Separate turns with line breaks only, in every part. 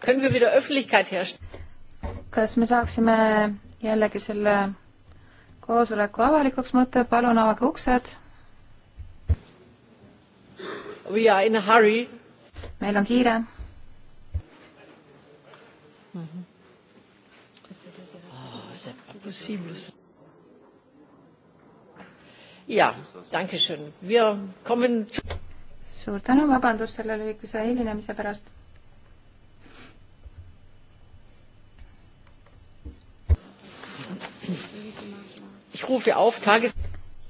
kas me saaksime jällegi selle koosoleku avalikuks mõtte, palun avage uksed. meil on kiire mm. -hmm. Oh, c'est pas possible ça.
Ja, danke schön.
Wir kommen zu... suur tänu, vabandust selle lühikese hilinemise pärast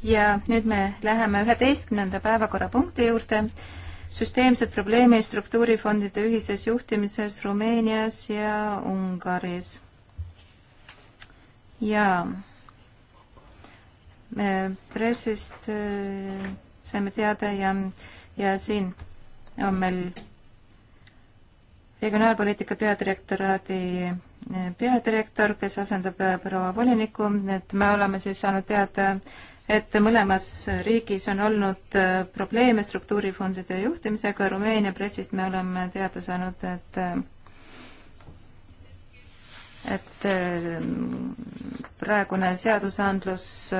ja nüüd me läheme üheteistkümnenda päevakorrapunkti juurde, süsteemsed probleemid struktuurifondide ühises juhtimises Rumeenias ja Ungaris. ja pressist äh, saime teada ja, ja siin on meil regionaalpoliitika peadirektoraadi eh, peadirektor, kes asendab eh, proua volinikku, et me oleme siis saanud teada, et mõlemas riigis on olnud eh, probleeme struktuurifondide juhtimisega, Rumeenia pressist me oleme teada saanud, et et praegune seadusandlus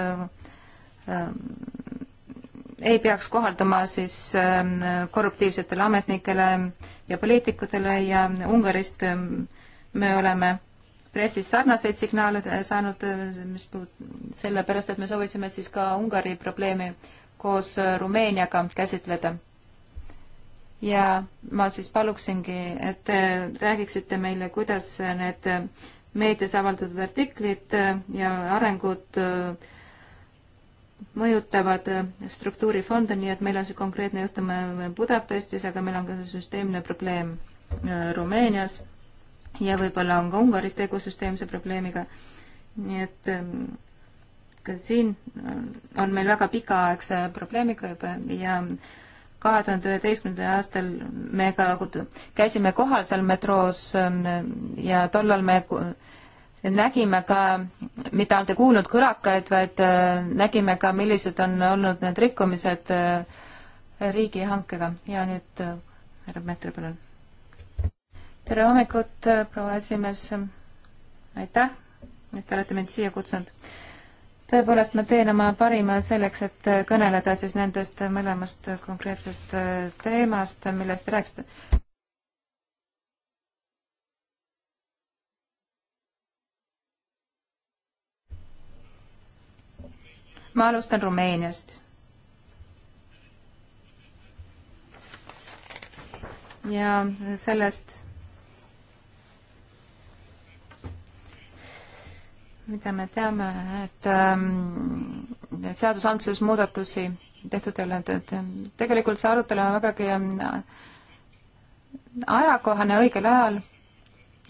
ei peaks kohaldama siis ähm, korruptiivsetele ametnikele ja poliitikutele ja Ungarist ähm, me oleme pressis sarnaseid signaale saanud, äh, mis puud-, sellepärast et me soovisime siis ka Ungari probleemi koos äh, Rumeeniaga käsitleda. ja ma siis paluksingi, et te räägiksite meile, kuidas need meedias avaldatud artiklid äh, ja arengud äh, mõjutavad struktuurifonde, nii et meil on see konkreetne juhtum Budapestis, aga meil on ka süsteemne probleem äh, Rumeenias ja võib-olla on ka Ungaris tegu süsteemse probleemiga. nii et ähm, ka siin äh, on meil väga pikaaegse probleemiga juba ja kahe tuhande üheteistkümnendal aastal me ka käisime kohal seal metroos ähm, ja tollal me nägime ka, mitte ainult ei kuulnud kõlakaid, vaid äh, nägime ka, millised on olnud need rikkumised äh, riigihankega ja nüüd äh, härra Meetri, palun. tere hommikut, proua esimees. aitäh, et te olete mind siia kutsunud. tõepoolest, ma teen oma parima selleks, et kõneleda siis nendest mõlemast konkreetsest teemast, millest te rääkisite ma alustan Rumeeniast. ja sellest, mida me teame, et ähm, seadusandluses muudatusi tehtud ei ole, et tegelikult see arutelu on vägagi ähm, ajakohane õigel ajal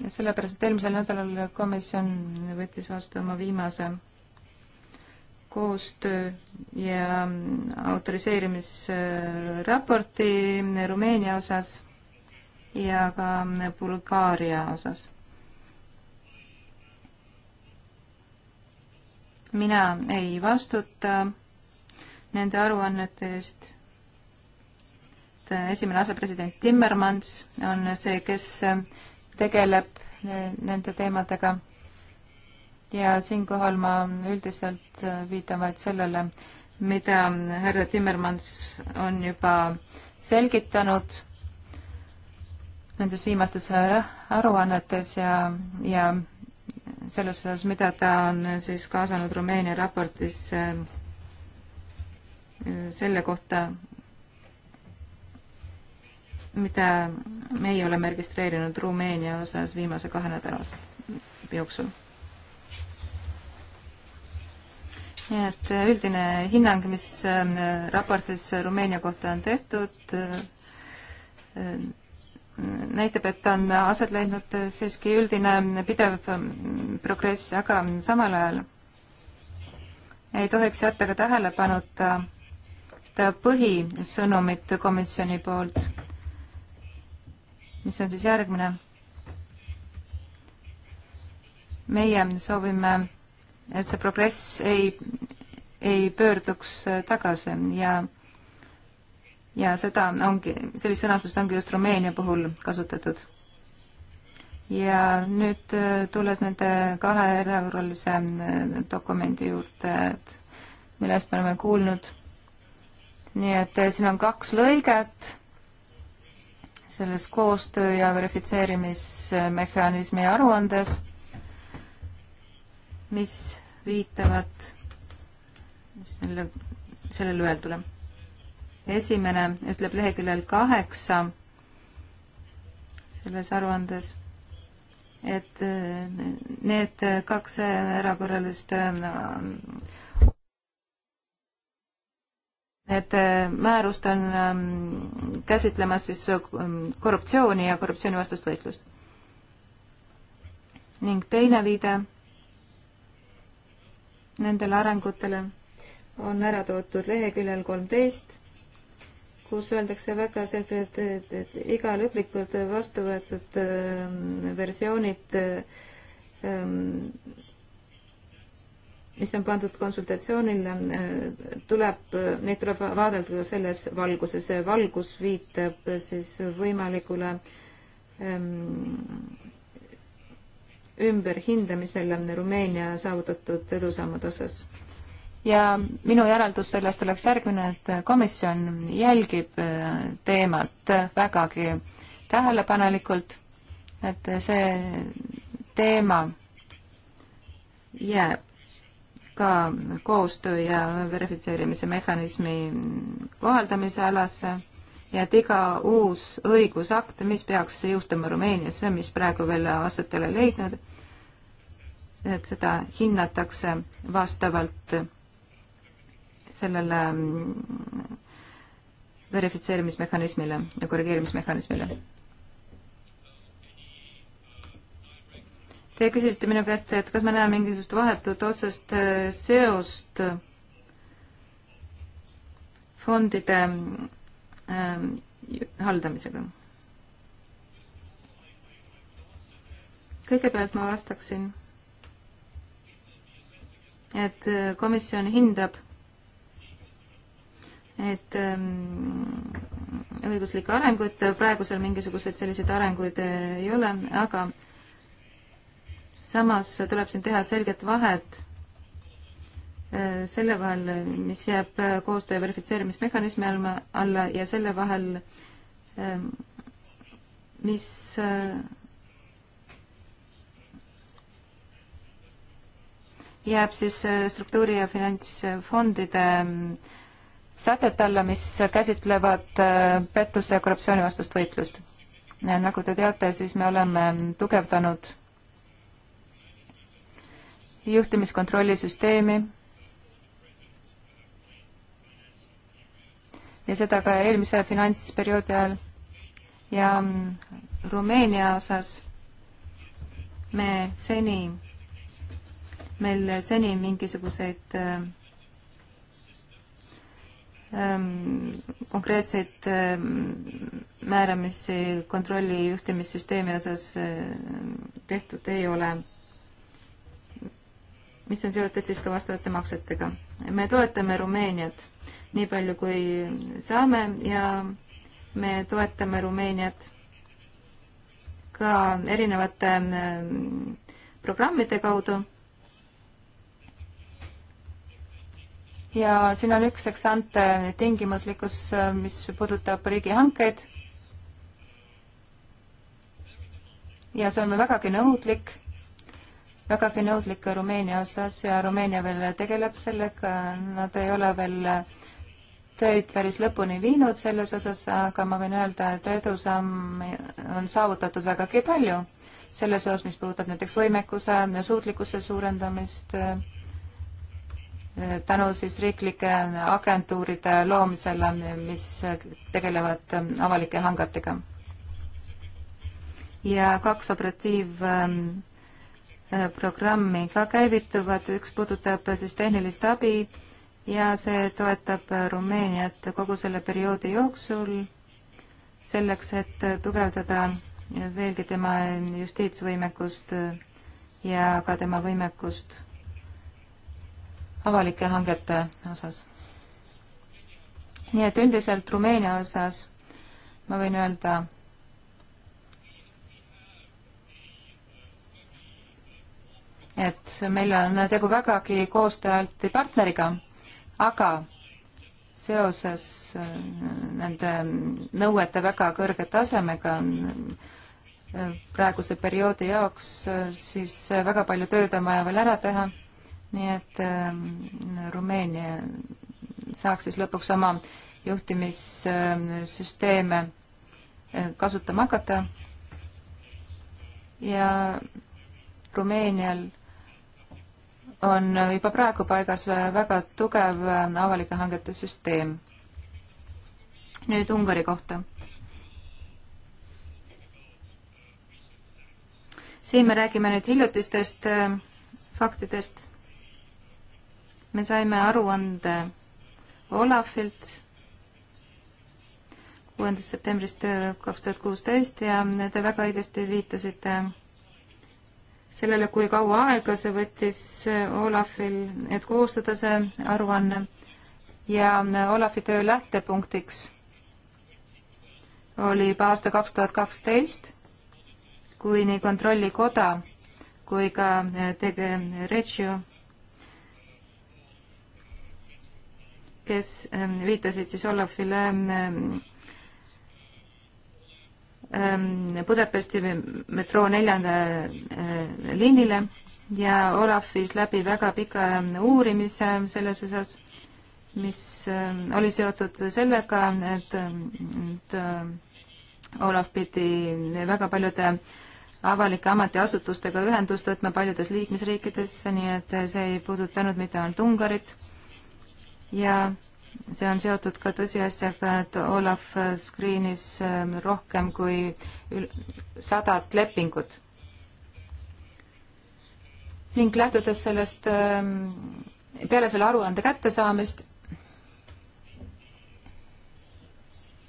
ja sellepärast, et eelmisel nädalal komisjon võttis vastu oma viimase koostöö ja autoriseerimisraporti Rumeenia osas ja ka Bulgaaria osas. mina ei vastuta nende aruannete eest. esimene asepresident Timmermans on see, kes tegeleb nende teemadega ja siinkohal ma üldiselt äh, viitan vaid sellele, mida härra Timmermans on juba selgitanud nendes viimastes aruannetes ja, ja selles osas, mida ta on siis kaasanud Rumeenia raportis äh, selle kohta, mida meie oleme registreerinud Rumeenia osas viimase kahe nädala jooksul nii et äh, üldine hinnang, mis ähm, raportis Rumeenia kohta on tehtud, äh, äh, näitab, et on aset leidnud siiski üldine ähm, pidev ähm, progress, aga samal ajal ei tohiks jätta ka tähelepanuta seda põhisõnumit komisjoni poolt, mis on siis järgmine. meie soovime et see progress ei, ei pöörduks äh, tagasi ja ja seda ongi, sellist sõnastust ongi just Rumeenia puhul kasutatud. ja nüüd äh, tulles nende kahe erakorralise äh, dokumendi juurde, et millest me oleme kuulnud, nii et siin on kaks lõiget selles koostöö ja verifitseerimismehhanismi aruandes mis viitavad selle, sellele öeldule. esimene ütleb leheküljel kaheksa selles aruandes, et äh, need kaks erakorralist äh, Need äh, määrust on ähm, käsitlemas siis korruptsiooni ja korruptsioonivastast võitlust. ning teine viide nendele arengutele on ära toodud leheküljel kolmteist, kus öeldakse väga selgelt, et, et iga lõplikult vastu võetud äh, versioonid äh, mis on pandud konsultatsioonile, äh, tuleb, neid tuleb vaadelda selles valguses. valgus viitab siis võimalikule ähm, ümberhindamisel Rumeenia saavutatud edusammude osas. ja minu järeldus sellest oleks järgmine, et komisjon jälgib äh, teemat vägagi tähelepanelikult, et see teema jääb ka koostöö ja verifitseerimise mehhanismi kohaldamise alasse ja et iga uus õigusakt, mis peaks jõustuma Rumeenias, see, mis praegu veel aset ei ole leidnud, et seda hinnatakse vastavalt sellele mm, verifitseerimismehhanismile ja korrigeerimismehhanismile. Te küsisite minu käest, et kas ma näen mingisugust vahetut otsest äh, seost fondide mm, Ähm, haldamisega. kõigepealt ma vastaksin, et äh, komisjon hindab, et ähm, õiguslikke arenguid, praegusel mingisuguseid selliseid arenguid äh, ei ole, aga samas tuleb siin teha selget vahet selle vahel, mis jääb koostöö verifitseerimismehhanismi alla ja selle vahel, ähm, mis äh, jääb siis äh, struktuuri- ja finantsfondide ähm, sätete alla, mis käsitlevad äh, pettuse ja korruptsiooni vastast võitlust. nagu te teate, siis me oleme tugevdanud juhtimiskontrollisüsteemi ja seda ka eelmise finantsperioodi ajal. ja mm, Rumeenia osas me seni, meil seni mingisuguseid äh, ähm, konkreetseid ähm, määramisi kontrolli juhtimissüsteemi osas äh, tehtud ei ole mis on seotud siis ka vastavate maksetega. me toetame Rumeeniat nii palju, kui saame ja me toetame Rumeeniat ka erinevate äh, programmide kaudu. ja siin on üks eksante äh, tingimuslikkus, äh, mis puudutab riigihankeid. ja see on vägagi nõudlik vägagi nõudlik Rumeenia osas ja Rumeenia veel tegeleb sellega, nad ei ole veel töid päris lõpuni viinud selles osas, aga ma võin öelda, et edusamm on saavutatud vägagi palju selles osas, mis puudutab näiteks võimekuse ja suutlikkuse suurendamist tänu siis riiklike agentuuride loomisele, mis tegelevad avalike hangetega. ja kaks operatiiv ähm, äh, programmi ka käivituvad, üks puudutab äh, siis tehnilist abi ja see toetab Rumeeniat kogu selle perioodi jooksul selleks, et tugevdada veelgi tema justiitsvõimekust ja ka tema võimekust avalike hangete osas. nii et üldiselt Rumeenia osas ma võin öelda, et meil on tegu vägagi koostööalti partneriga aga seoses äh, nende nõuete väga kõrge tasemega äh, praeguse perioodi jaoks, äh, siis väga palju tööd on vaja veel ära teha, nii et Rumeenia saaks siis lõpuks oma juhtimissüsteeme kasutama hakata ja Rumeenial on juba praegu paigas väga tugev äh, avalike hangete süsteem. nüüd Ungari kohta. siin me räägime nüüd hiljutistest äh, faktidest. me saime aruande Olafilt kuuendast septembrist äh, kaks tuhat kuusteist ja te väga õigesti viitasite sellele, kui kaua aega see võttis äh, Olafil, et koostada see aruanne ja äh, Olafi töö lähtepunktiks oli juba aasta kaks tuhat kaksteist, kui nii Kontrollikoda kui ka äh, tege-, Reggio, kes viitasid siis Olafile Ähm, Budapesti metroo neljanda äh, liinile ja Olav viis läbi väga pika ähm, uurimise selles osas, mis ähm, oli seotud sellega, et, et äh, Olav pidi väga paljude avalike ametiasutustega ühendust võtma paljudes liikmesriikides, nii et see ei puudutanud mitte ainult Ungarit ja see on seotud ka tõsiasjaga, et Olav screen'is ähm, rohkem kui sadat lepingut. ning lähtudes sellest, ähm, peale selle aruande kättesaamist,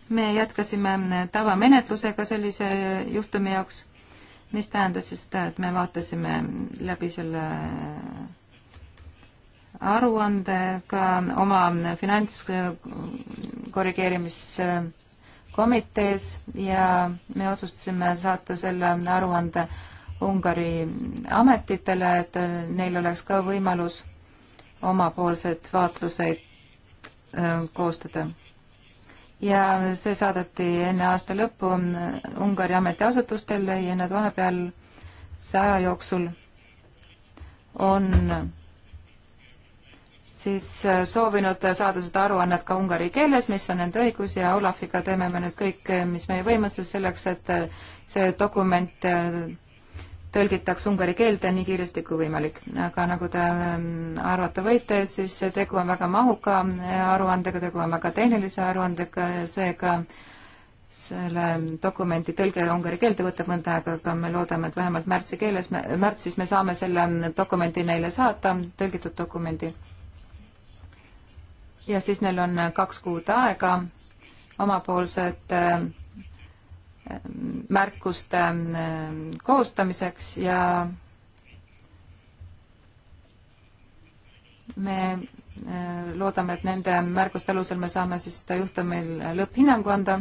me jätkasime äh, tavamenetlusega sellise juhtumi jaoks, mis tähendas siis seda, et me vaatasime läbi selle aruandega oma finantskorrigeerimiskomitees ja me otsustasime saata selle aruande Ungari ametitele, et neil oleks ka võimalus omapoolseid vaatluseid äh, koostada. ja see saadeti enne aasta lõppu Ungari ametiasutustele ja nad vahepeal see aja jooksul on siis äh, soovinud saada seda aruannet ka ungari keeles, mis on nende õigus ja Olafiga teeme me nüüd kõik, äh, mis meie võimuses selleks, et äh, see dokument tõlgitakse ungari keelde nii kiiresti kui võimalik. aga nagu te ähm, arvata võite, siis tegu on väga mahuka aruandega, tegu on väga tehnilise aruandega ja seega selle dokumendi tõlge ungari keelde võtab mõnda aega, aga me loodame, et vähemalt märtsi keeles, märtsis me saame selle ähm, dokumendi neile saata, tõlgitud dokumendi ja siis neil on kaks kuud aega omapoolsed äh, märkuste äh, koostamiseks ja me äh, loodame, et nende märkuste alusel me saame siis seda juhtumil lõpphinnangu anda.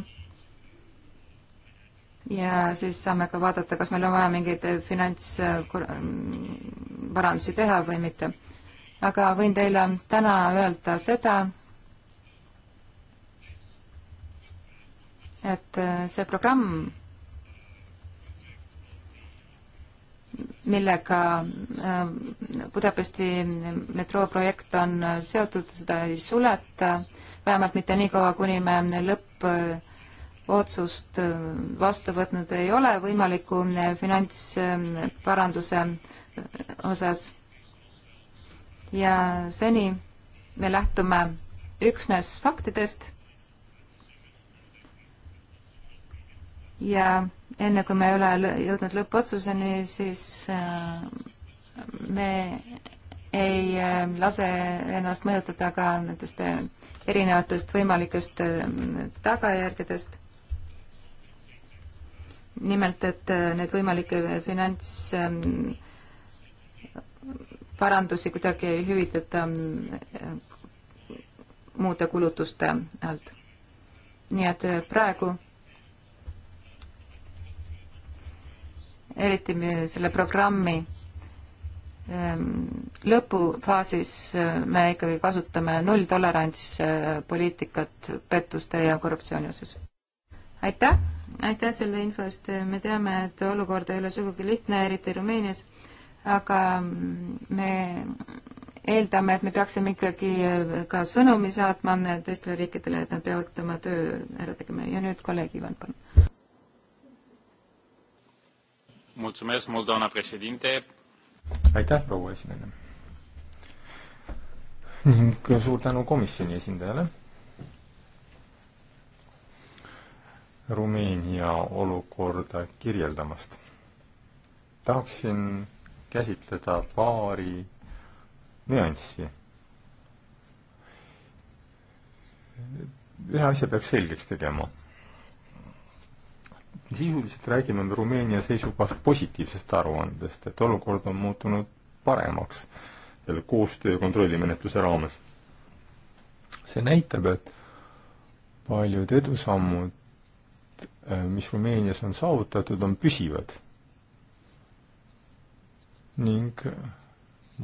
ja siis saame ka vaadata, kas meil on vaja mingeid finantsparandusi teha või mitte aga võin teile täna öelda seda, et äh, see programm, millega äh, Budapesti metroo projekt on äh, seotud, seda ei suleta, vähemalt mitte niikaua, kuni me lõppotsust vastu võtnud ei ole võimaliku finantsparanduse osas ja seni me lähtume üksnes faktidest ja enne kui me ei ole jõudnud lõppotsuseni, siis äh, me ei äh, lase ennast mõjutada ka nendest äh, erinevatest võimalikest tagajärgedest. nimelt, et neid võimalikke finants parandusi kuidagi ei hüvitata mm, äh, muude kulutuste alt. nii et äh, praegu eriti selle programmi ähm, lõpufaasis äh, me ikkagi kasutame nulltolerants poliitikat pettuste ja korruptsiooni osas. aitäh, aitäh selle info eest, me teame, et olukord ei ole sugugi lihtne, eriti Rumeenias aga me eeldame, et me peaksime ikkagi ka sõnumi saatma teistele riikidele, et nad peavad oma töö ära tegema ja nüüd kolleeg Ivan, palun.
Mulțumesc mult, doamna președinte. Aitäh, proua esineja. ning suur tänu komisjoni esindajale. Rumeenia olukorda kirjeldamast. tahaksin käsitleda paari nüanssi. ühe asja peaks selgeks tegema. sisuliselt räägime me Rumeenia seisukohast positiivsest aruandest, et olukord on muutunud paremaks selle koostöö kontrollimenetluse raames. see näitab, et paljud edusammud, mis Rumeenias on saavutatud, on püsivad ning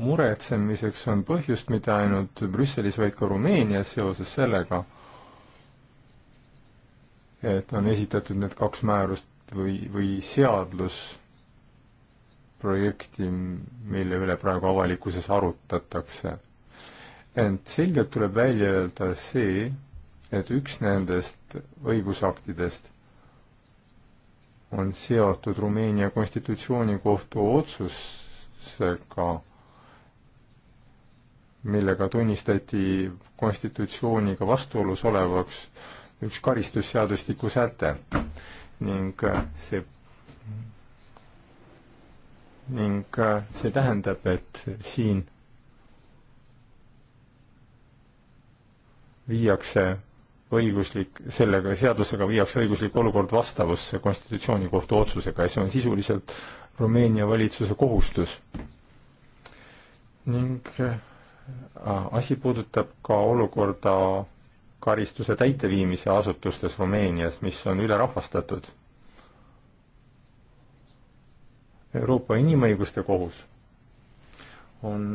muretsemiseks on põhjust mitte ainult Brüsselis, vaid ka Rumeenias seoses sellega, et on esitatud need kaks määrust või, või seadlusprojekti, mille üle praegu avalikkuses arutatakse. ent selgelt tuleb välja öelda see, et üks nendest õigusaktidest on seotud Rumeenia konstitutsioonikohtu otsus seega millega tunnistati konstitutsiooniga vastuolus olevaks üks karistusseadustiku säte ning see ning see tähendab, et siin viiakse õiguslik, sellega, seadusega viiakse õiguslik olukord vastavusse konstitutsioonikohtu otsusega ja see on sisuliselt Rumeenia valitsuse kohustus. ning äh, asi puudutab ka olukorda karistuse täiteviimise asutustes Rumeenias, mis on ülerahvastatud. Euroopa Inimõiguste Kohus on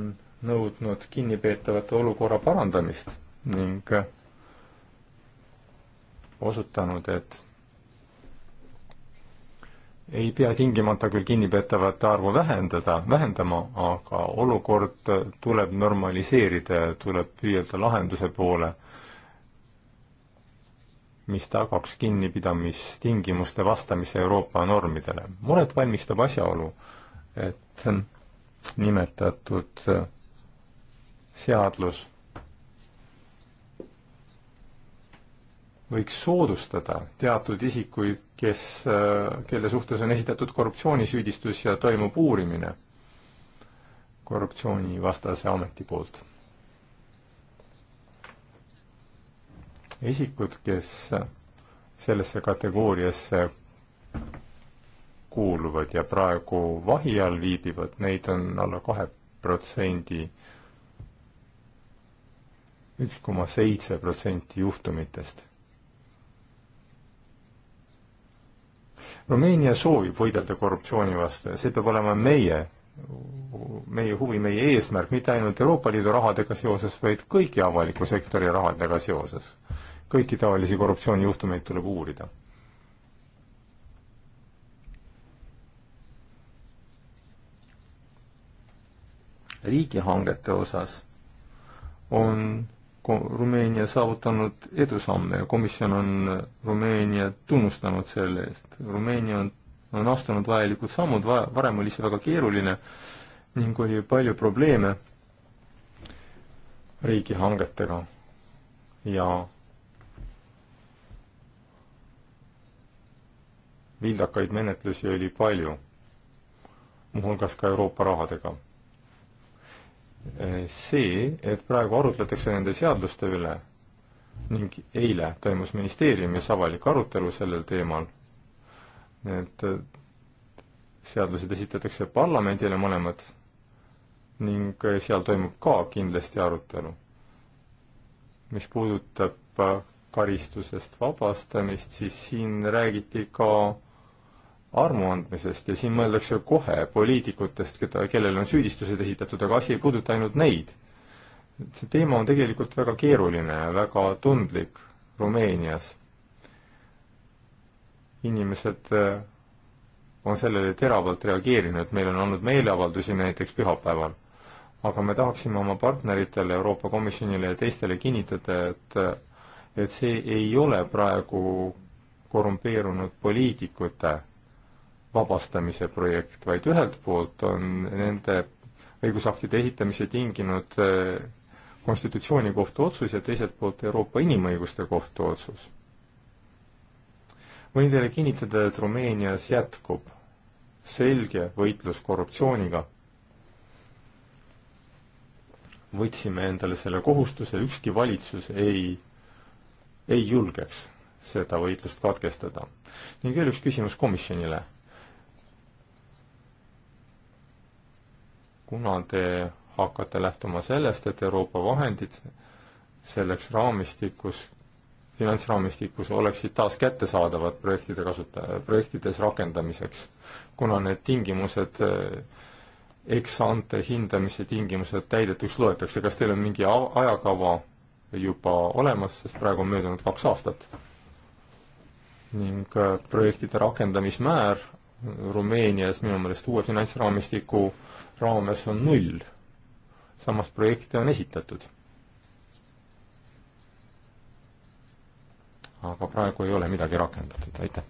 nõudnud kinnipeetavate olukorra parandamist ning äh, osutanud, et ei pea tingimata küll kinnipeetavate arvu vähendada, vähendama, aga olukord tuleb normaliseerida ja tuleb püüelda lahenduse poole, mis tagaks kinnipidamistingimuste vastamise Euroopa normidele. muret valmistab asjaolu, et nimetatud seadlus võiks soodustada teatud isikuid, kes, kelle suhtes on esitatud korruptsioonisüüdistus ja toimub uurimine korruptsioonivastase ameti poolt. isikud, kes sellesse kategooriasse kuuluvad ja praegu vahi all viibivad, neid on alla kahe protsendi, üks koma seitse protsenti juhtumitest Rumeenia soovib võidelda korruptsiooni vastu ja see peab olema meie, meie huvi, meie eesmärk, mitte ainult Euroopa Liidu rahadega seoses, vaid kõigi avaliku sektori rahadega seoses. kõiki taolisi korruptsioonijuhtumeid tuleb uurida. riigihangete osas on Rumeenia saavutanud edusamme ja komisjon on Rumeeniat tunnustanud selle eest. Rumeenia on, on astunud vajalikud sammud, varem oli see väga keeruline ning oli palju probleeme riigihangetega ja vildakaid menetlusi oli palju, muuhulgas ka Euroopa rahadega see, et praegu arutletakse nende seaduste üle ning eile toimus ministeeriumis avalik arutelu sellel teemal. Need seadused esitatakse parlamendile mõlemad ning seal toimub ka kindlasti arutelu. mis puudutab karistusest vabastamist, siis siin räägiti ka armuandmisest ja siin mõeldakse kohe poliitikutest, keda, kellele on süüdistused esitatud, aga asi ei puuduta ainult neid. see teema on tegelikult väga keeruline ja väga tundlik Rumeenias. inimesed eh, on sellele teravalt reageerinud, meil on olnud meeleavaldusi näiteks pühapäeval. aga me tahaksime oma partneritele, Euroopa Komisjonile ja teistele kinnitada, et et see ei ole praegu korrumpeerunud poliitikute vabastamise projekt, vaid ühelt poolt on nende õigusaktide esitamise tinginud äh, konstitutsioonikohtu otsus ja teiselt poolt Euroopa Inimõiguste Kohtu otsus. võin teile kinnitada, et Rumeenias jätkub selge võitlus korruptsiooniga. võtsime endale selle kohustuse, ükski valitsus ei, ei julgeks seda võitlust katkestada. ning veel üks küsimus komisjonile kuna te hakkate lähtuma sellest, et Euroopa vahendid selleks raamistikus, finantsraamistikus oleksid taas kättesaadavad projektide kasutaja, projektides rakendamiseks, kuna need tingimused eksante eh, hindamise tingimused täidetuks loetakse, kas teil on mingi ajakava juba olemas, sest praegu on möödunud kaks aastat? ning eh, projektide rakendamismäär Rumeenias minu meelest uue finantsraamistiku raames on null. samas projekte on esitatud. aga praegu ei ole midagi rakendatud, aitäh.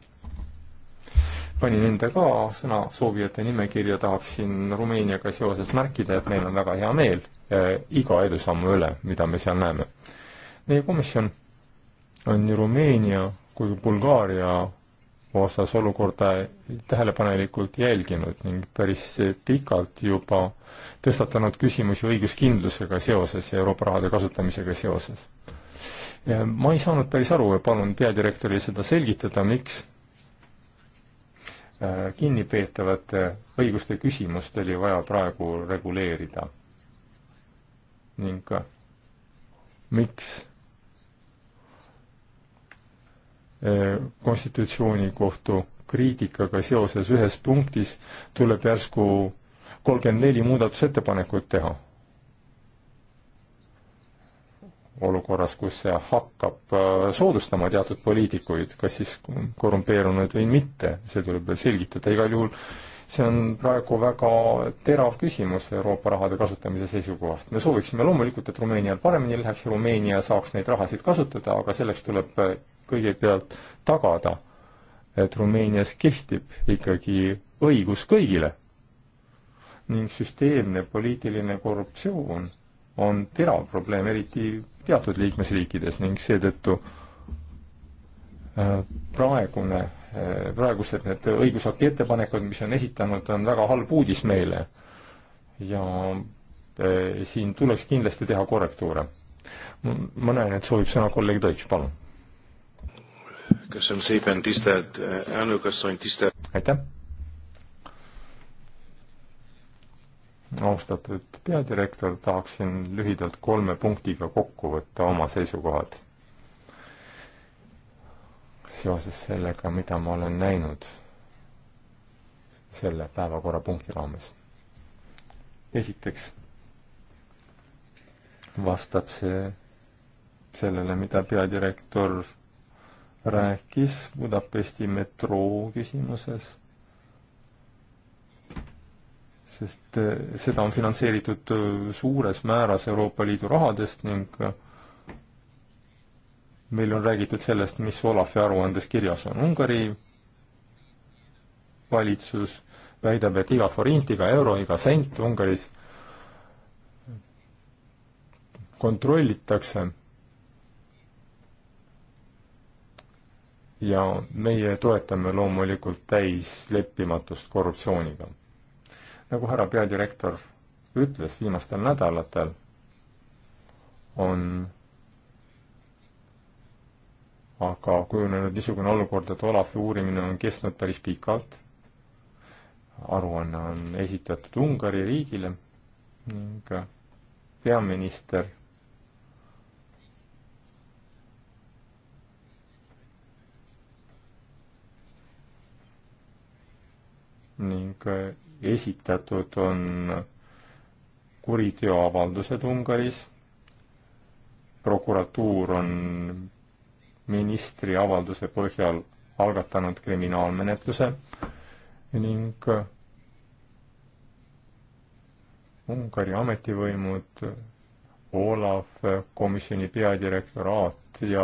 panin enda ka sõna soovijate nimekirja, tahaksin Rumeeniaga seoses märkida, et meil on väga hea meel eh, iga edusammu üle, mida me seal näeme. meie komisjon on nii Rumeenia kui Bulgaaria osas olukorda tähelepanelikult jälginud ning päris pikalt juba tõstatanud küsimusi õiguskindlusega seoses ja Euroopa rahade kasutamisega seoses. ma ei saanud päris aru ja palun peadirektoril seda selgitada, miks äh, kinnipeetavate õiguste küsimust oli vaja praegu reguleerida ning äh, miks Äh, konstitutsioonikohtu kriitikaga seoses ühes punktis tuleb järsku kolmkümmend neli muudatusettepanekut teha. olukorras, kus see hakkab äh, soodustama teatud poliitikuid, kas siis korrumpeerunud või mitte, see tuleb veel selgitada, igal juhul see on praegu väga terav küsimus Euroopa rahade kasutamise seisukohast. me sooviksime loomulikult, et Rumeenial paremini läheks ja Rumeenia saaks neid rahasid kasutada, aga selleks tuleb kõigepealt tagada, et Rumeenias kehtib ikkagi õigus kõigile ning süsteemne poliitiline korruptsioon on terav probleem, eriti teatud liikmesriikides ning seetõttu äh, praegune, äh, praegused need õigusakti ettepanekud, mis on esitanud, on väga halb uudis meile. ja äh, siin tuleks kindlasti teha korrektuure. ma näen, et soovib sõna kolleeg Deutsch, palun köszönöm szépen, tisztelt eh, elnökasszony, tisztelt... aitäh! austatud peadirektor, tahaksin lühidalt kolme punktiga kokku võtta oma seisukohad seoses sellega, mida ma olen näinud selle päevakorrapunkti raames. esiteks vastab see sellele, mida peadirektor rääkis Budapesti metroo küsimuses, sest eh, seda on finantseeritud eh, suures määras Euroopa Liidu rahadest ning eh, meil on räägitud sellest, mis Olafi aruandes kirjas on. Ungari valitsus väidab, et iga forint, iga euro, iga sent Ungaris kontrollitakse ja meie toetame loomulikult täis leppimatust korruptsiooniga. nagu härra peadirektor ütles viimastel nädalatel, on aga kujunenud niisugune olukord, et Olavi uurimine on kestnud päris pikalt, aruanne on esitatud Ungari riigile ning peaminister ning eh, esitatud on kuriteoavaldused Ungaris. prokuratuur on ministri avalduse põhjal algatanud kriminaalmenetluse ning eh, Ungari ametivõimud, Olav, komisjoni peadirektoraat ja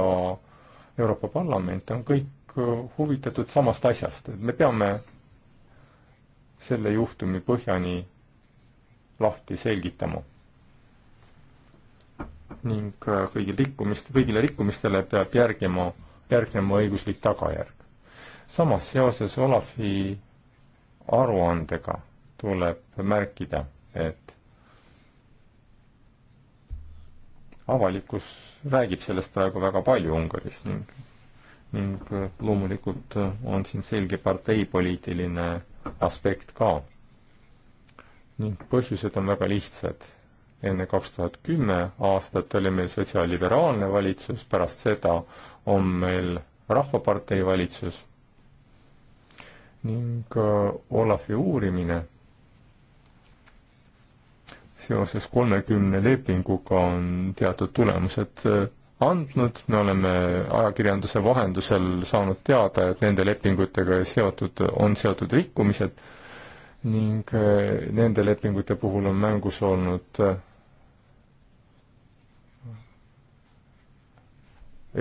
Euroopa Parlament on kõik eh, huvitatud samast asjast, et me peame selle juhtumi põhjani lahti selgitama. ning äh, kõigil rikkumist, kõigile rikkumistele peab järgima, järgnema õiguslik tagajärg. samas seoses Olafi aruandega tuleb märkida, et avalikkus räägib sellest praegu väga palju Ungaris ning, ning loomulikult on siin selge parteipoliitiline äh, aspekt ka. ning põhjused on väga lihtsad. enne kaks tuhat kümme aastat oli meil sotsiaalliberaalne valitsus, pärast seda on meil Rahvapartei valitsus ning äh, Olafi uurimine seoses kolmekümne lepinguga on teatud tulemused äh, andnud, me oleme ajakirjanduse vahendusel saanud teada, et nende lepingutega seotud, on seotud rikkumised ning eh, nende lepingute puhul on mängus olnud eh,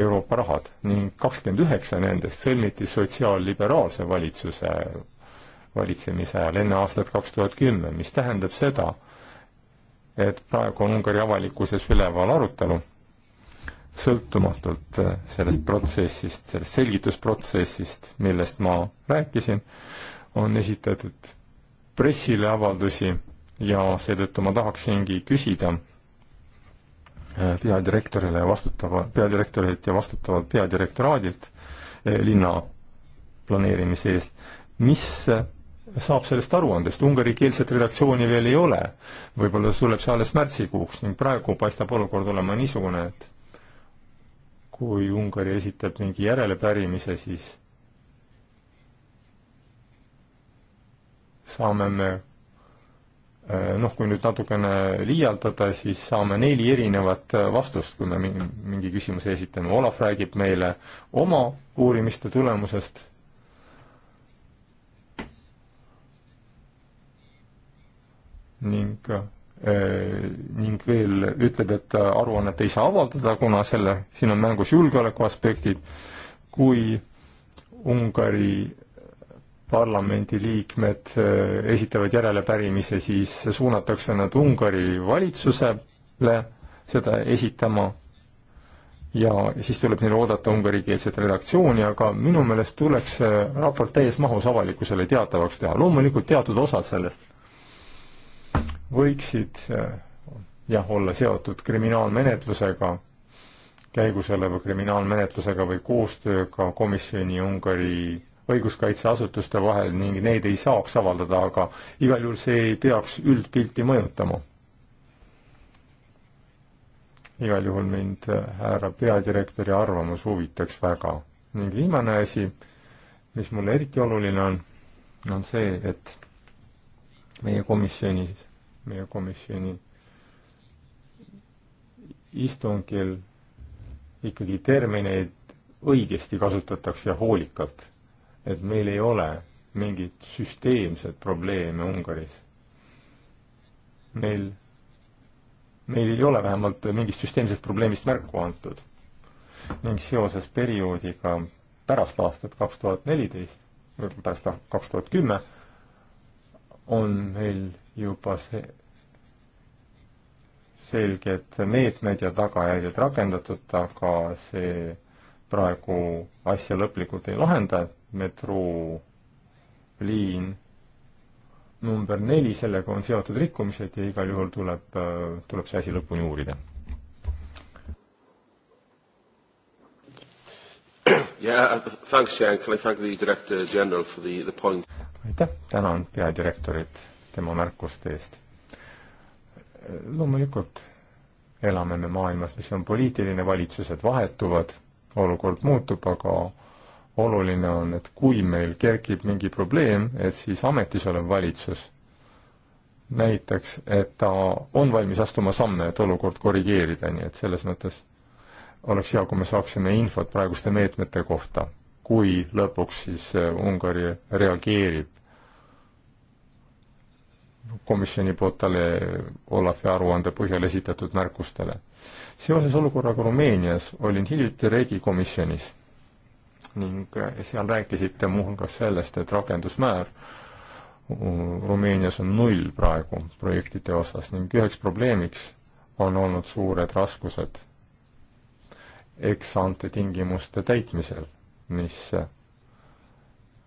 Euroopa rahad ning kakskümmend üheksa nendest sõlmiti sotsiaalliberaalse valitsuse valitsemise ajal enne aastat kaks tuhat kümme, mis tähendab seda, et praegu on Ungari avalikkuses üleval arutelu sõltumatult eh, sellest protsessist, sellest selgitusprotsessist, millest ma rääkisin, on esitatud pressile avaldusi ja seetõttu ma tahaksingi küsida eh, peadirektorile ja vastutava, peadirektorilt ja vastutavalt peadirektoraadilt eh, linna planeerimise eest, mis saab sellest aruandest, ungarikeelset redaktsiooni veel ei ole. võib-olla suleb see alles märtsikuuks ning praegu paistab olukord olema niisugune, et kui Ungari esitab mingi järelepärimise, siis saame me eh, noh, kui nüüd natukene liialdada, siis saame neli erinevat eh, vastust, kui me mingi küsimuse esitame. Olav räägib meile oma uurimiste tulemusest. ning eh, Äh, ning veel ütleb, et aruannet ei saa avaldada, kuna selle, siin on mängus julgeoleku aspektid, kui Ungari parlamendi liikmed äh, esitavad järelepärimise, siis suunatakse nad Ungari valitsusele seda esitama ja siis tuleb neil oodata ungarikeelset redaktsiooni, aga minu meelest tuleks see äh, raport täies mahus avalikkusele teatavaks teha, loomulikult teatud osad sellest võiksid äh, jah, olla seotud kriminaalmenetlusega, käigusoleva kriminaalmenetlusega või koostööga komisjoni Ungari õiguskaitseasutuste vahel ning neid ei saaks avaldada, aga igal juhul see ei peaks üldpilti mõjutama. igal juhul mind äh, härra peadirektori arvamus huvitaks väga. ning viimane asi, mis mulle eriti oluline on, on see, et meie komisjonis meie komisjoni istungil ikkagi termineid õigesti kasutatakse ja hoolikalt. et meil ei ole mingit süsteemset probleemi Ungaris. meil, meil ei ole vähemalt mingist süsteemsest probleemist märku antud. ning seoses perioodiga pärast aastat kaks tuhat neliteist, pärast kaks tuhat kümme, on meil juba see selged meetmed ja tagajärjed rakendatud, aga see praegu asja lõplikult ei lahenda, metrooliin number neli, sellega on seotud rikkumised ja igal juhul tuleb, tuleb see asi lõpuni uurida. aitäh, tänan peadirektorit tema märkuste eest. loomulikult elame me maailmas, mis on poliitiline, valitsused vahetuvad, olukord muutub, aga oluline on, et kui meil kerkib mingi probleem, et siis ametis olev valitsus näitaks, et ta on valmis astuma samme, et olukord korrigeerida, nii et selles mõttes oleks hea, kui me saaksime infot praeguste meetmete kohta, kui lõpuks siis Ungari reageerib komisjoni poolt talle Olafi aruande põhjal esitatud märkustele. seoses olukorraga Rumeenias olin hiljuti Regi komisjonis ning seal rääkisite muuhulgas sellest, et rakendusmäär Rumeenias on null praegu projektide osas ning üheks probleemiks on olnud suured raskused eksante tingimuste täitmisel, mis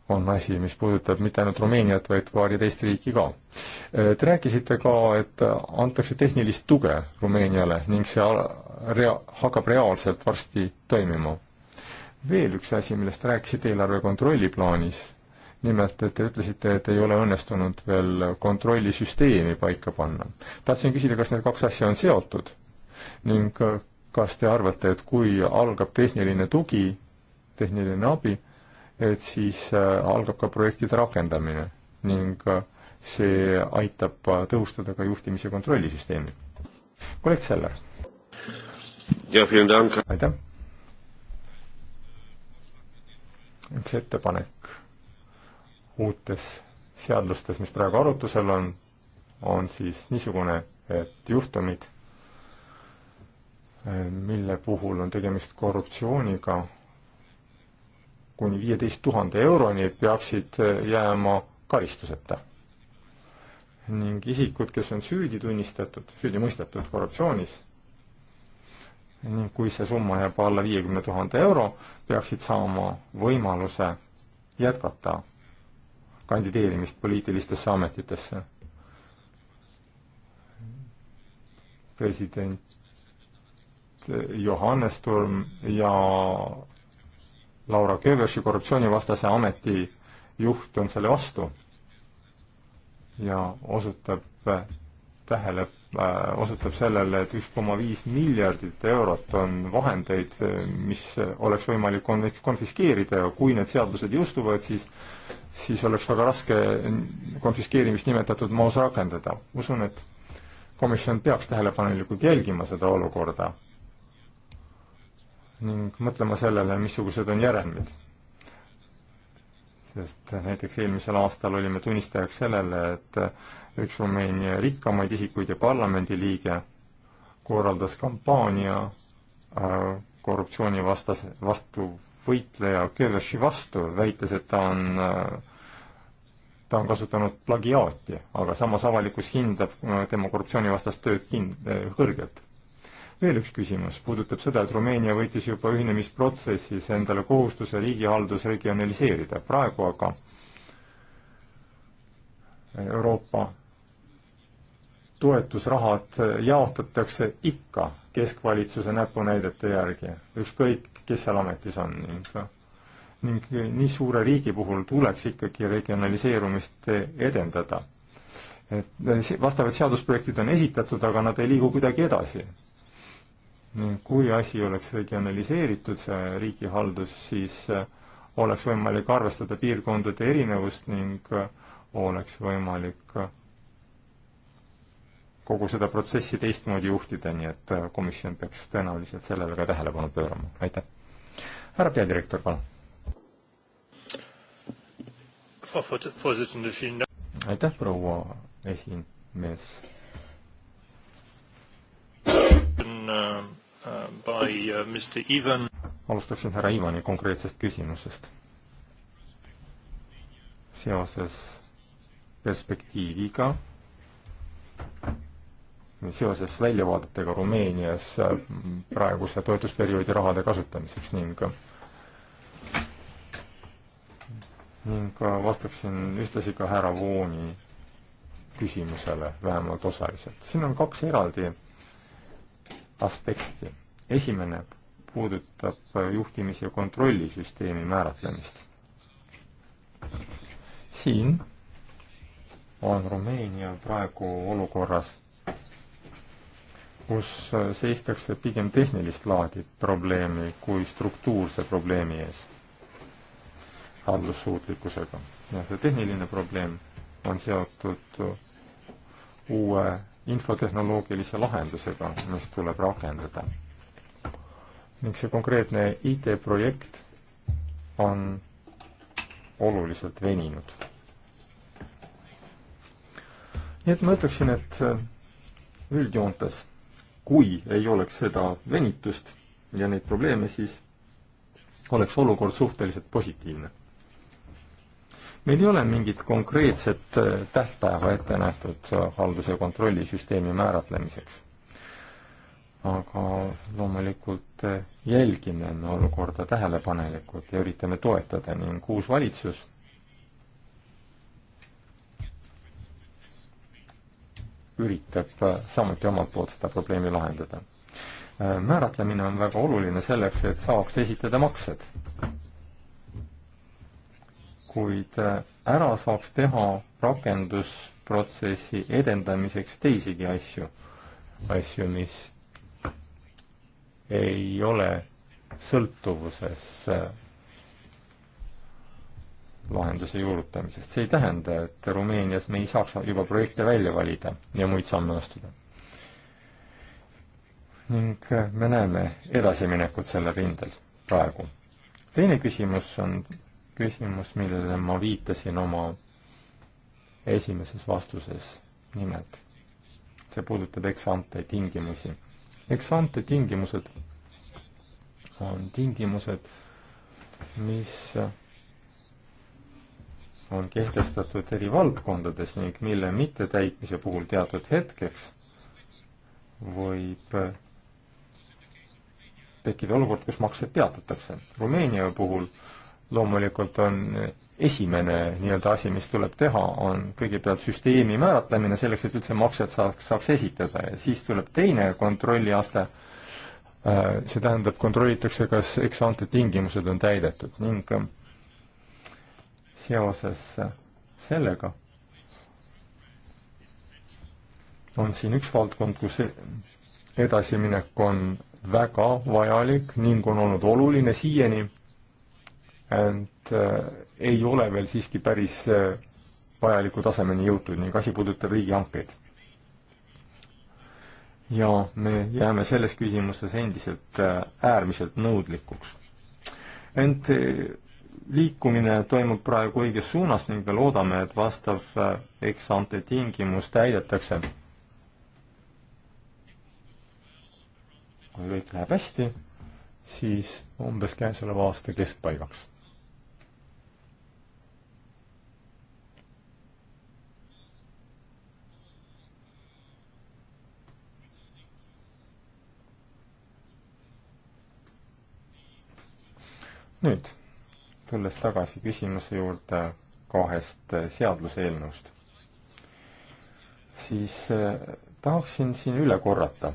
on asi, mis puudutab mitte ainult Rumeeniat, vaid paari teist riiki ka. Te rääkisite ka, et antakse tehnilist tuge Rumeeniale ning see rea-, hakkab reaalselt varsti toimima. veel üks asi, millest rääkisite eelarve kontrolli plaanis, nimelt, et te ütlesite, et ei ole õnnestunud veel kontrollisüsteemi paika panna. tahtsin küsida, kas need kaks asja on seotud ning kas te arvate, et kui algab tehniline tugi, tehniline abi, et siis äh, algab ka projektide rakendamine ning äh, see aitab äh, tõhustada ka juhtimis- ja kontrollisüsteemi. kolleeg Seller. aitäh. üks ettepanek uutes seadustes, mis praegu arutusel on, on siis niisugune, et juhtumid, mille puhul on tegemist korruptsiooniga, kuni viieteist tuhande euroni peaksid eh, jääma karistuseta. ning isikud, kes on süüdi tunnistatud, süüdi mõistetud korruptsioonis, ning kui see summa jääb alla viiekümne tuhande euro, peaksid saama võimaluse jätkata kandideerimist poliitilistesse ametitesse. president Johannes Turm ja Laura Kööversi korruptsioonivastase ameti juht on selle vastu ja osutab äh, tähele, äh, osutab sellele, et üks koma viis miljardit eurot on vahendeid, äh, mis oleks võimalik konfiskeerida ja kui need seadused jõustuvad, siis siis oleks väga raske konfiskeerimist nimetatud maos rakendada. usun, et komisjon peaks tähelepanelikult jälgima seda olukorda ning mõtlema sellele, missugused on järelmid. sest näiteks eelmisel aastal olime tunnistajaks sellele, et üks Rumeenia rikkamaid isikuid ja parlamendiliige korraldas kampaania äh, korruptsioonivastase, vastu võitleja Köveši vastu, väites, et ta on, äh, ta on kasutanud plagiaati, aga samas avalikkus hindab äh, tema korruptsioonivastast tööd kin-, kõrgelt veel üks küsimus puudutab seda, et Rumeenia võttis juba ühinemisprotsessis endale kohustuse riigihaldus regionaliseerida, praegu aga Euroopa toetusrahad jaotatakse ikka keskvalitsuse näpunäidete järgi, ükskõik, kes seal ametis on. ning nii suure riigi puhul tuleks ikkagi regionaliseerumist edendada. et vastavad seadusprojektid on esitatud, aga nad ei liigu kuidagi edasi kui asi oleks regionaliseeritud, see riigihaldus, siis äh, oleks võimalik arvestada piirkondade erinevust ning äh, oleks võimalik äh, kogu seda protsessi teistmoodi juhtida, nii et komisjon peaks tõenäoliselt sellele ka tähelepanu pöörama, aitäh. härra peadirektor, palun. aitäh, proua esimees uh, by uh, äh, Mr Ivan. alustaksin härra Ivani konkreetsest küsimusest seoses perspektiiviga, seoses väljavaadetega Rumeenias praeguse toetusperioodi rahade kasutamiseks ning ning vastaksin ühtlasi ka härra Vooni küsimusele vähemalt osaliselt. siin on kaks eraldi aspekti. esimene puudutab juhtimis- ja kontrollisüsteemi määratlemist. siin on Rumeenia praegu olukorras, kus seistakse pigem tehnilist laadi probleemi kui struktuurse probleemi ees haldussuutlikkusega. ja see tehniline probleem on seotud uue infotehnoloogilise lahendusega, mis tuleb rakendada. ning see konkreetne IT-projekt on oluliselt veninud. nii et ma ütleksin, et äh, üldjoontes, kui ei oleks seda venitust ja neid probleeme, siis oleks olukord suhteliselt positiivne meil ei ole mingit konkreetset äh, tähtpäeva ette nähtud äh, halduse kontrollisüsteemi määratlemiseks. aga loomulikult äh, jälgime me olukorda tähelepanelikult ja üritame toetada ning uus valitsus üritab samuti omalt poolt seda probleemi lahendada. määratlemine on väga oluline selleks, et saaks esitada maksed kuid äh, ära saaks teha rakendusprotsessi edendamiseks teisigi asju, asju, mis ei ole sõltuvuses äh, lahenduse juurutamisest. see ei tähenda, et Rumeenias me ei saaks juba projekte välja valida ja muid samme astuda. ning äh, me näeme edasiminekut sellel rindel praegu. teine küsimus on küsimus, millele ma viitasin oma esimeses vastuses nimelt. see puudutab eksante tingimusi. eksante tingimused on tingimused, mis on kehtestatud eri valdkondades ning mille mittetäitmise puhul teatud hetkeks võib tekkida olukord, kus maksed peatatakse. Rumeenia puhul äh, loomulikult on esimene nii-öelda asi, mis tuleb teha, on kõigepealt süsteemi määratlemine selleks, et üldse maksed saaks, saaks esitada ja siis tuleb teine kontrolliaste, äh, see tähendab, kontrollitakse, kas eksante tingimused on täidetud ning äh, seoses sellega on siin üks valdkond, kus edasiminek on väga vajalik ning on olnud oluline siiani ent äh, ei ole veel siiski päris äh, vajaliku tasemeni jõutud ning asi puudutab riigihankeid. ja me jääme selles küsimuses endiselt äh, äärmiselt nõudlikuks. ent liikumine toimub praegu õiges suunas ning me loodame, et vastav eksante tingimus täidetakse. kui kõik läheb hästi, siis umbes käesoleva aasta keskpaigaks nüüd, tulles tagasi küsimuse juurde kahest äh, seaduseelnõust, siis äh, tahaksin siin üle korrata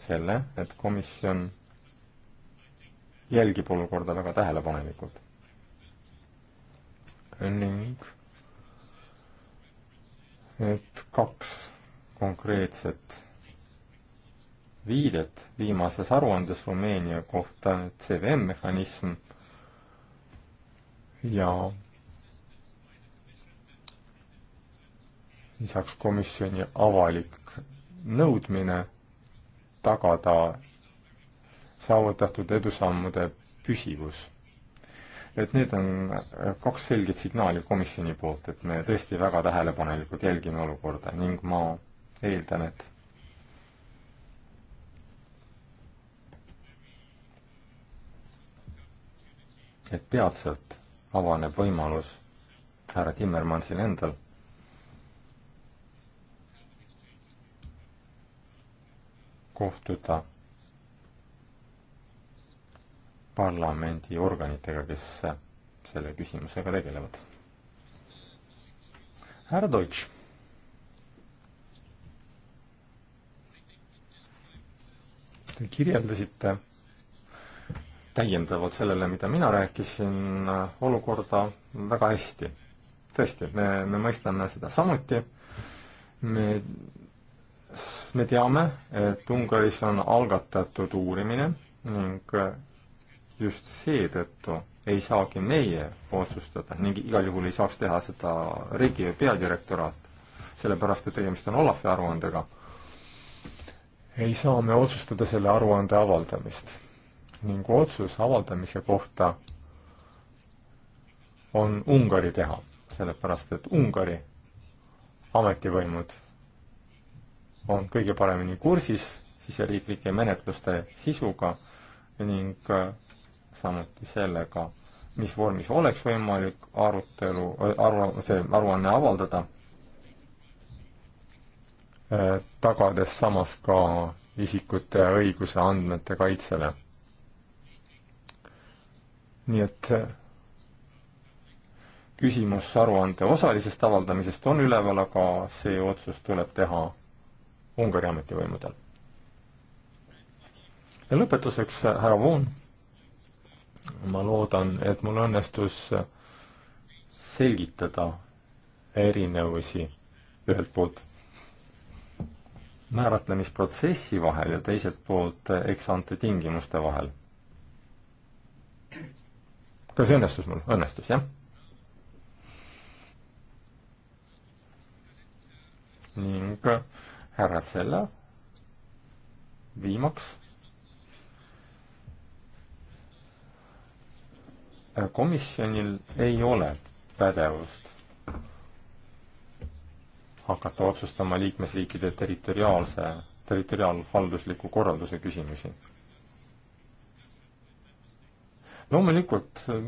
selle, et komisjon jälgib olukorda väga tähelepanelikult. ning need kaks konkreetset viidet viimases aruandes Rumeenia kohta, CVM mehhanism ja lisaks komisjoni avalik nõudmine tagada saavutatud edusammude püsivus. et need on kaks selget signaali komisjoni poolt, et me tõesti väga tähelepanelikult jälgime olukorda ning ma eeldan, et et peatselt avaneb võimalus härra Timmermansil endal kohtuda parlamendi organitega, kes selle küsimusega tegelevad. härra Deutsch. Te kirjeldasite täiendavad sellele, mida mina rääkisin, olukorda väga hästi. tõesti, me, me mõistame seda samuti, me, me teame, et Ungaris on algatatud uurimine ning just seetõttu ei saagi meie otsustada ning igal juhul ei saaks teha seda Regio peadirektoraat, sellepärast et tegemist on Olafi aruandega, ei saa me otsustada selle aruande avaldamist ning otsus avaldamise kohta on Ungari teha, sellepärast et Ungari ametivõimud on kõige paremini kursis siseriiklike menetluste sisuga ning äh, samuti sellega, mis vormis oleks võimalik arutelu, äh, aru, see aruanne avaldada, äh, tagades samas ka isikute õiguse andmete kaitsele nii et äh, küsimus aruande osalisest avaldamisest on üleval, aga see otsus tuleb teha Ungari ametivõimudel. ja lõpetuseks, äh, härra Voon, ma loodan, et mul õnnestus äh, selgitada erinevusi ühelt poolt määratlemisprotsessi vahel ja teiselt poolt eksante tingimuste vahel kas õnnestus mul? õnnestus, jah? ning härra Tsella viimaks komisjonil ei ole pädevust hakata otsustama liikmesriikide territoriaalse, territoriaalhaldusliku korralduse küsimusi loomulikult äh,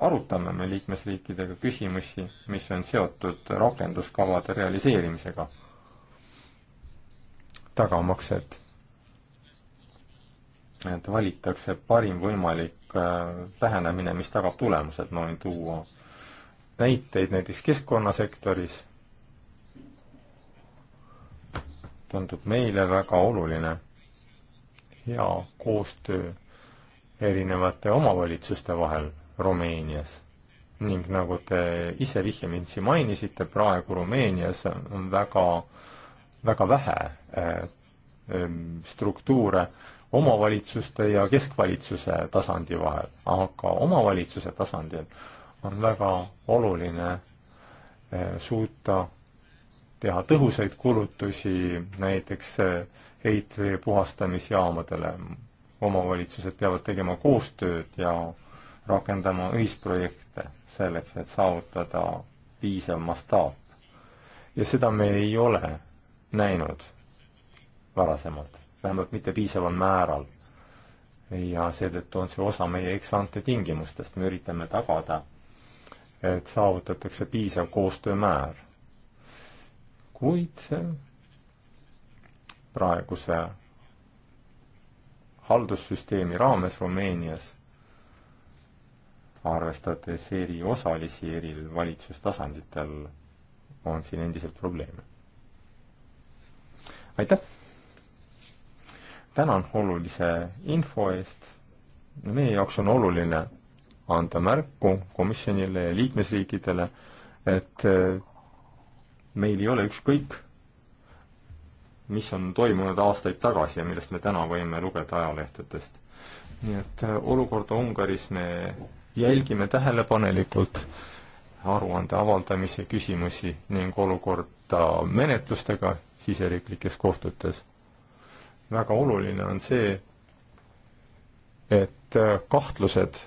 arutame me liikmesriikidega küsimusi, mis on seotud rakenduskavade realiseerimisega, tagamaks, et et valitakse parim võimalik äh, lähenemine, mis tagab tulemused, ma võin tuua näiteid näiteks keskkonnasektoris, tundub meile väga oluline hea koostöö erinevate omavalitsuste vahel Rumeenias ning nagu te ise vihjamintsi mainisite, praegu Rumeenias on väga, väga vähe äh, äh, struktuure omavalitsuste ja keskvalitsuse tasandi vahel, aga omavalitsuse tasandil on väga oluline äh, suuta teha tõhusaid kulutusi näiteks heitvee puhastamisjaamadele, omavalitsused peavad tegema koostööd ja rakendama ühisprojekte selleks, et saavutada piisav mastaap. ja seda me ei ole näinud varasemalt, vähemalt mitte piisaval määral. ja seetõttu on see osa meie eksante tingimustest, me üritame tagada, et saavutatakse piisav koostöömäär. kuid praeguse haldussüsteemi raames Rumeenias, arvestades eri osalisi eri valitsustasanditel, on siin endiselt probleeme. aitäh! tänan olulise info eest, meie jaoks on oluline anda märku komisjonile ja liikmesriikidele, et äh, meil ei ole ükskõik mis on toimunud aastaid tagasi ja millest me täna võime lugeda ajalehtedest. nii et äh, olukorda Ungaris me jälgime tähelepanelikult, aruande avaldamise küsimusi ning olukorda menetlustega siseriiklikes kohtutes. väga oluline on see, et äh, kahtlused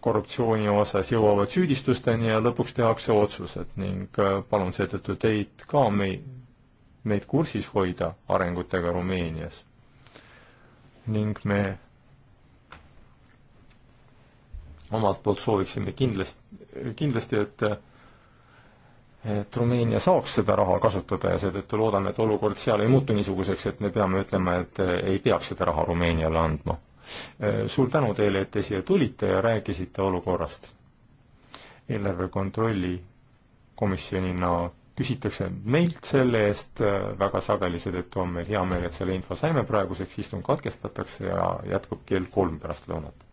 korruptsiooni osas jõuavad süüdistusteni ja lõpuks tehakse otsused ning äh, palun seetõttu teid ka mei-, meid kursis hoida arengutega Rumeenias. ning me omalt poolt sooviksime kindlasti, kindlasti, et et Rumeenia saaks seda raha kasutada ja seetõttu loodame, et olukord seal ei muutu niisuguseks, et me peame ütlema, et ei peaks seda raha Rumeeniale andma. Suur tänu teile, et te siia tulite ja rääkisite olukorrast. eelarve kontrolli komisjonina küsitakse meilt selle eest väga sageli, seetõttu on meil hea meel, et selle info saime, praeguseks istung katkestatakse ja jätkub kell kolm pärastlõunat.